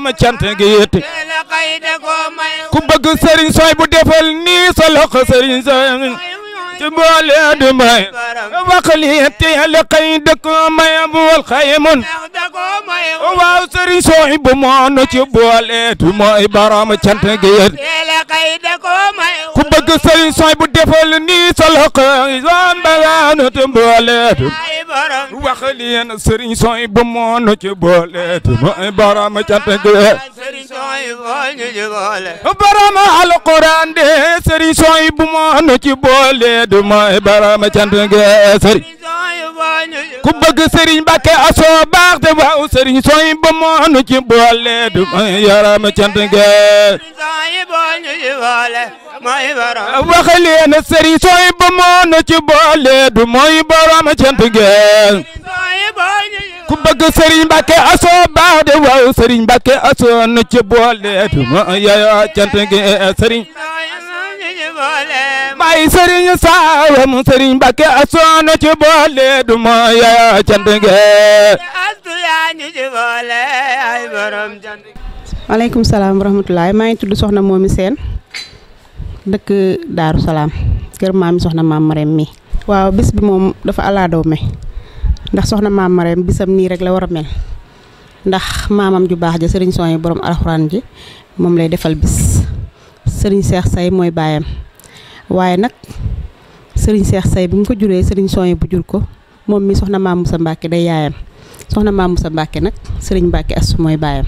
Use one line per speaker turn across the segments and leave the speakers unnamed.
ma cant gi yéete ku bëgg sëriñ sooy bu defal nii sa loxo sëriñ sooy ci boole du may waqliyati ala qayda ko may abu wal khaymun waaw sëriñ sooy bu moo nu ci boole du may baaraama cant gi yéete ala qayda ku bëgg sëriñ sooy bu defal nii sa loxo zone balaanu te mbooleetu wax leen sëriñ sooy bu moonu ci mbooleetu mooy borom cant gi barama alquran de sëriñ sooy bu ma nu ci boole du mooy barama cant ku bëgg sëriñ Mbàkke asoo baax te waaw sëriñ sooy bu ma nu ci boole du mooy yarama cant ge wax leen bu ma nu ci boole du mooy barama cant ge ku bëgg sëriñ Mbàkke asoo baaw de waaw sëriñ Mbàkke asoo nu ci boole bi ma yaaya cant gi sëriñ bay sëriñ saawam sëriñ aso asoo
nu ci boole du ma yaaya cant ya, gi maaleykum salaam wa rahmatulah maa ngi tudd soxna Momi Sène dëkk daru salam kër maam soxna maam Marème mi waaw bis bi moom dafa alaadoo me ndax soxna mam mareem bisam ni rek la war mel ndax mamam ju bax ja serigne soye borom alxuraan ji mom lay defal bis sering cheikh say moy bayam waye nak serigne cheikh say bi mu ko juree serigne soye bu jur ko mom mi soxna mam musa mbake day yaayam soxna mam musa mbake nak serigne mbake asu moy bayam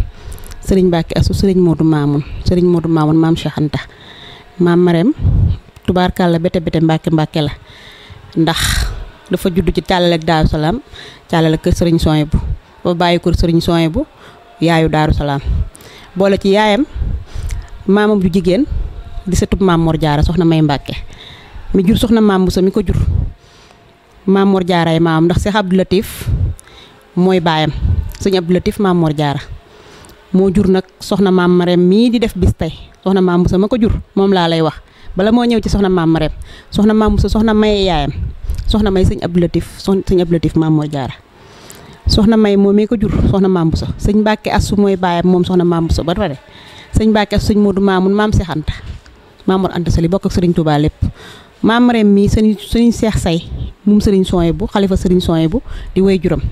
serigne mbake asu serigne modou mamoun serigne modou mamoun mam Cheikh Anta mam mareem tubaarkàlla bete bete mbake mbake la ndax dafa judd ci càllal ak daru salam càllal ak serigne sëriñ bo bu ba bàyyi kër sëriñ bu yaayu daaru salaam boole ci yaayam mamam du jigen di sëtub maam Mor Jaara soxna May mbacke mi jur soxna Mam Musa mi ko jur maam Mor Jaara ay Sehab ndax cheikh abdou Latif moy bayam serigne abdou Latif maam Mor Jaara mo jur nak soxna mam marem mi di def bis tay soxna mam Musa ma ko jur mom la lay wax bala mo ñew ci soxna mam marem soxna mam Musa soxna may yaayam soxna may sing Abdou Latif sing Abdou Latif mam soh Jaara soxna may momé ko jur soxna mam Bousso seigne Mbàkke assou moy baye mom soxna mam Bousso ba pare seigne Mbàkke seigne Modou Mamoun mam Cheikh Anta maam Anta Sali bokk ak sëriñ Touba lepp mam Rem mi seigne seigne Cheikh Say moom seigne Soye bu khalifa seigne Soye bu di way juram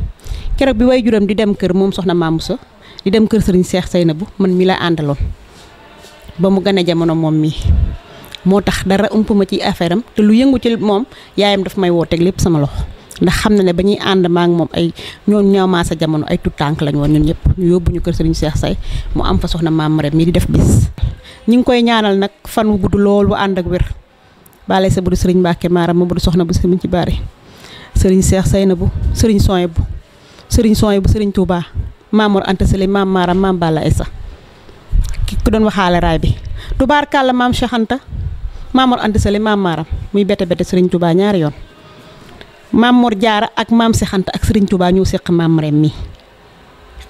keroog bi way juram di dem kër mom soxna mam Bousso di dem kër seigne Cheikh Say na bu man mi la andalon ba mu gëna jamono mom mi motax dara umpuma ci affaire am te lu yeungu ci mom yaayam daf may wote lepp sama lox ndax xamna ne bañuy and ànd maa ay ñoon ñoo maa sa jamono ay tout lañ won ñun ñep ñu yóbbu kër Cheikh Say mu am fa soxna mam rem mi di def bis ñing koy ñaanal nak fan wu guddul lool bu and ak wér balay sa buddu serigne Mbacke maaram ma buddu soxna bu serigne ci bari serigne Cheikh Say na bu serigne Soye bu serigne Soye bu serigne Touba Mamour ante sele mam Maaram mam bala essa ki ko doon waxale ray bi mam Cheikh Anta maam Mor Anta Sali maam Maaram muy bette bette Serigne Touba ñaari yoon maam Mor Jaara ak maam Seex ak Serigne Touba ñoo seq maam Rem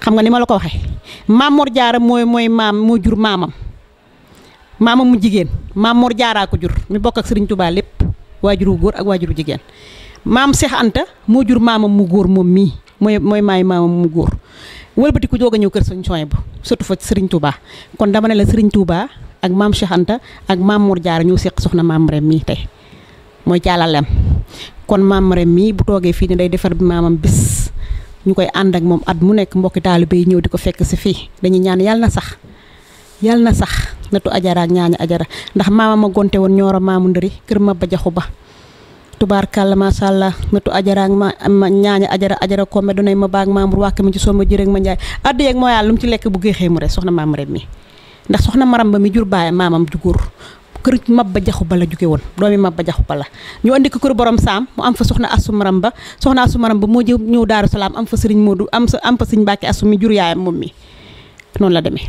nga ni ma la ko waxee maam Jaara mooy mooy maam moo jur maamam maamam mu jigéen maam jaaraa ko jur mi bokk ak sëriñ Touba lépp waajuru góor ak waajuru jigéen maam Seex moo jur maamam mu góor moom mii mooy mooy maay maamam mu góor wëlbati ku doog a ñëw kër Serigne bu surtout fa Serigne Touba ak mam Cheikh Anta ak mam Mor Diarra ñu sekk soxna mam Rem kon maam Rem mii bu toge fi ni day defar bi bis ñukoy and ak mom at mu nek mbokki talibey ñew diko di fekk ci fi dañuy ñaan yàlla na sax sax natu ajara ak ajara ndax mamam ma gonte won ñoro mamu ndëri kër ma bajaxu ba ma sha allah natu ajara ak ma ñaañu ajara ajara ko me dunay ma baak maamur wàkk mi ci soo ma ak ma njaay addu ak moyal lu ci lek bu gexé mu re soxna rem ndax soxna maram ba mi jur mamam du ma keur mab ba jaxu bala juke won woon mab ba jaxu bala ñu andi ko keur borom sam mu am fa soxna asu maram ba soxna asu maram ba mo jë ñëw am fa serigne modou am am fa serigne bakki asu mi jur yaay mom mi non la demee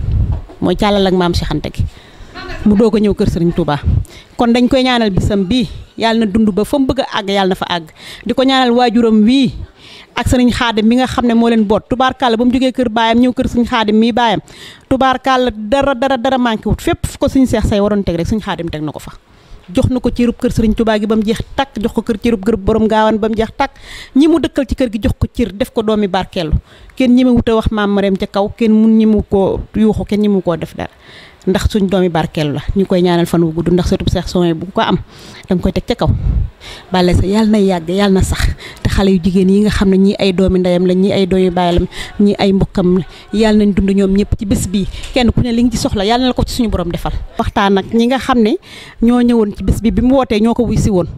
moy càllal ak mam Cheikh Anta gi mu doog a ñëw kër Touba kon dañ koy ñaanal bisam bi na ba fa mu bëgg a na fa ag diko ñaanal wajuram wi ak sëriñ xaadim mi nga xam ne moo leen boot tubaarkàlla ba mu jógee kër baayam ñëw kër suñ xaadim mii baayam tubaarkàlla dara dara dara manqué wut fépp fu ko suñ seex say waroon teg rek suñ xaadim teg na ko fa jox na ko cërub kër sëriñ tubaa gi ba mu jeex takk jox ko kër cërub kër borom gaawan ba mu jeex takk ñi mu dëkkal ci kër gi jox ko cër def ko doomi barkeelu kenn ñi mu wut a wax maam Mareem ca kaw kenn mun ñi mu koo yuuxu kenn ñi mu koo def dara ndax suñ doomi barkeel la ñu koy ñaanal fan wu gudd ndax surtout seex soowee bu ko am danga koy teg ca kaw bàlle sa yàlla na yàgg yàlla na sax te xale yu jigéen yi nga xam ne ñii ay doomi ndeyam la ñii ay doomi bàyyilam ñii ay mbokkam yàlla nañ dund ñoom ñëpp ci bés bii kenn ku ne li nga ci soxla yàlla na ko ci suñu borom defal waxtaan nag ñi nga xam ne ñoo ñëwoon ci bés bi bi mu wootee ñoo ko wuy woon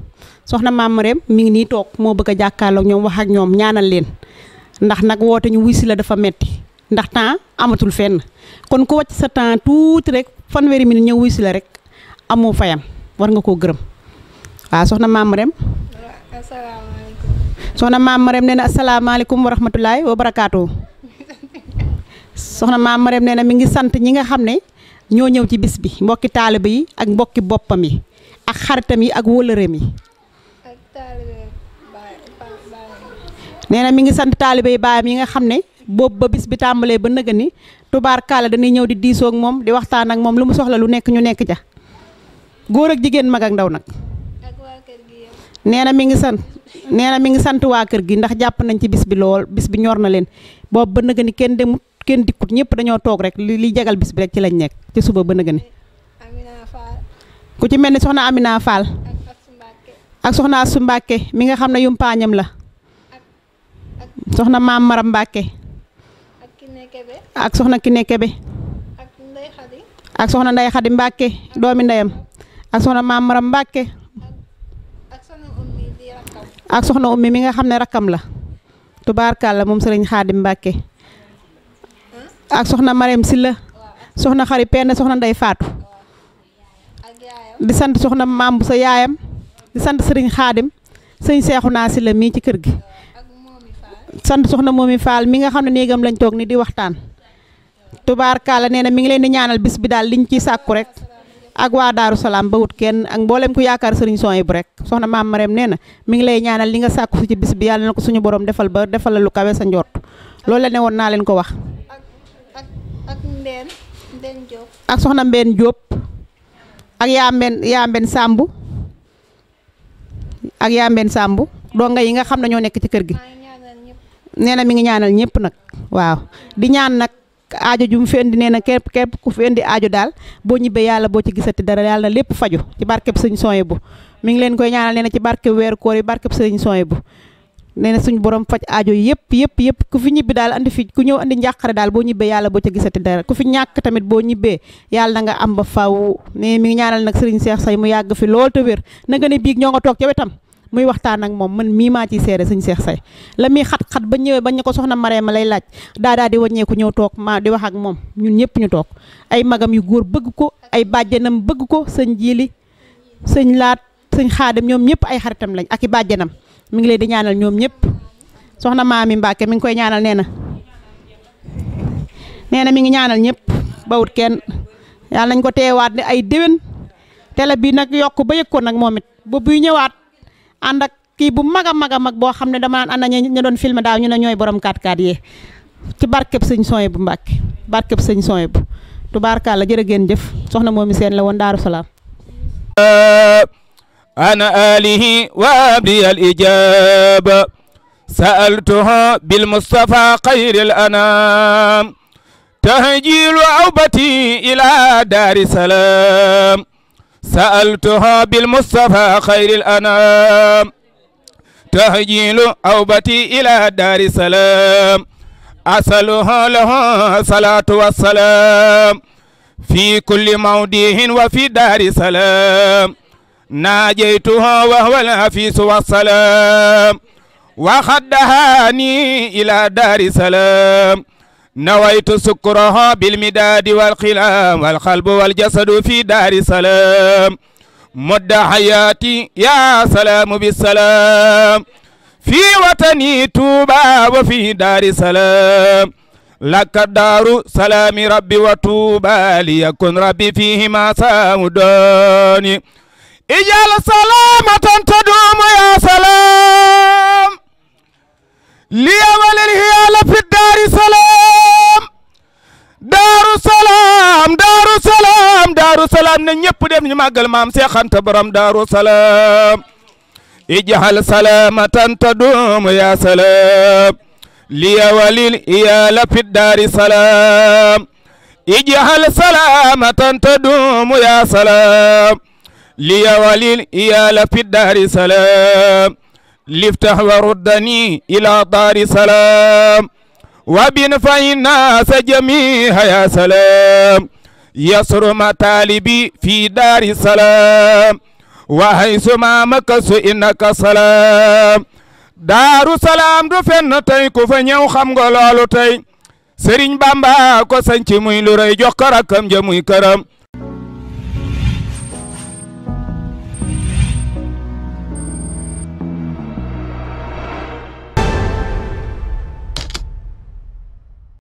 soxna maam Reem mi ngi nii toog moo bëgg a jàkkaarloog ñoom wax ak ñoom ñaanal leen ndax nag woote ñu wuy si la dafa metti ndax temps amatul fenn kon ku wàcc sa temps tuuti rek fanweeri minute ñëw wuy si la rek amoo fayam war nga koo gërëm waaw soxna maam Rem. asalaamaaleykum. soxna maam Rem nee na asalaamaaleykum wa soxna maam na mi ngi sant ñi nga xam ne ñoo ñëw ci bis bi mbokki taaliba yi ak mbokki boppam yi ak xaritam yi ak wëlëreem yi. nee na mi ngi sant taaliba yi baayam yi nga xam ne. Bob ba bis bi tambalé ba neug ni kala dañi ñew di diso ak mom di waxtaan ak mom lu mu soxla lu nekk ñu nekk ja goor ak jigen mag ak ndaw nag nee na mi ngi sant neena mi ngi sant kër gi ndax nañ ci bis bi lool bis bi ñor na leen bob ba neug ni kenn dem kenn dikut ñepp dañoo tok rek li jagal bis bi rek ci lañ nekk ci suba ba neug ni ku ci Amina Fall ak soxna sumbake mi nga xamne yum pañam la soxna mam Maram ak soxna Kiné Kébé ak soxna Ndey Xadi Mbàkke doomi ndeyam ak soxna Maam Maram Mbàkke ak soxna ummi mi nga xam ne rakkam la tubaarkàlla moom sëriñ Xaadim Mbàkke ak soxna Marème Silla soxna xari penn soxna Ndey Faatu di sant soxna maam bu sa yaayam di sant sëriñ Xaadim sëñ Seexuna Silla mii ci kër gi sant soxna momi Fall mi nga xamne negam lañ tok ni di waxtaan tubaarkaala nee neena mi ngi leen di ñaanal bis bi dal liñ ci sakku rek ak wa daru salam ba wut ken ak mbollem ku yaakar sëriñ Soy bu rek soxna maam marem neena mi ngi lay ñaanal li nga sakku ci bis bi yalla na suñu borom defal ba defal lu kawé sa ndort loolu la neewon na leen ko wax. ak ak Mbène job ak soxna mben job ak ya mben ya mben sambu ak mben sambu do nga yi nga xamna ño nek ci kër gi. nee na mi ngi ñaanal ñëpp nag waaw di ñaan nag aajo ju mu fi indi nee na képp képp ku fi indi ajo daal boo ñibbee yàlla boo ci gisati dara yàlla lépp faju ci barkeb sëñ sooy bu mi ngi leen koy ñaanal nee na ci barkeb weeru koor yi barkeb sëñ sooy bu nee na suñu borom faj aajo yëpp yëpp yëpp ku fi ñibbi daal andi fi ku ñëw andi njàqare daal boo ñibbee yàlla boo ci gisati dara ku fi ñàkk tamit boo ñibbee yàlla nga am ba faw ne mi ngi ñaanal nag sëriñ Seex say mu yàgg fi lool te wér na nga ne biig ñoo nga toog ca wetam muy waxtaan ak moom man mii maa ciy seere sëñ seex Say la muy xat-xat ba ñëwee bañ ñu ko soxna Marème ma lay laaj daa di wàññeeku ñëw toog maa di wax ak moom ñun ñëpp ñu toog ay magam yu góor bëgg ko ay bàjjanam bëgg ko sëñ Jili sëñ Laat sëñ Xaadam ñoom ñëpp ay xaritam lañ ak i bàjjanam mi ngi leen di ñaanal ñoom ñëpp soxna Maami Mbàkke mi ngi koy ñaanal nee na nee na mi ngi ñaanal ñëpp bawut kenn yàlla nañ ko teewaat ne ay déwén télé bii nag yokk ba yëg nag moom it ba buy ñëwaat Anda ki bu maga maga mag bo xamne dama nan ana ñu doon film daaw ñu na ñoy borom kat kat ye ci barkep seigne soye bu mbacke barkep seigne soye bu tu barka la jere gene def soxna momi sen la won daru salam
eh, ana alihi wa bi al ijab sa'altuha bil mustafa khair al anam wa aubati ila dar salam سألتها بالمصطفى خير الأنام تهجيل أوبتي إلى دار سلام أسألها لها صلاة والسلام في كل موضع وفي دار سلام ناجيتها وهو الحفيظ والسلام وخدهاني إلى دار سلام نويت سكرها بالمداد والقلام والقلب والجسد في دار سلام مد حياتي يا سلام بالسلام في وطني توبا وفي دار سلام لك دار سلام ربي وتوبا ليكن ربي فيهما سامداني اجعل سلامة تدوم يا سلام لي وللهيال في màggal maam Seex Anta borom daaru salaam ijaxal salaamatan ta doom yaa salaam liya walil iya la fit daari salaam ijaxal salaamatan ta doom yaa salaam liya walil iya la fit daari salaam liftah wa ruddani ila daari salaam wa bin fay naasa jamiha yaa salaam يسرم طالبي في دار السلام وحيثما مكس إنك سلام daaru salaam du fenn tey ku fa ñëw xam nga loolu tey Serigne Bamba ko sañ muy lu rëy jox rakkam ja muy këram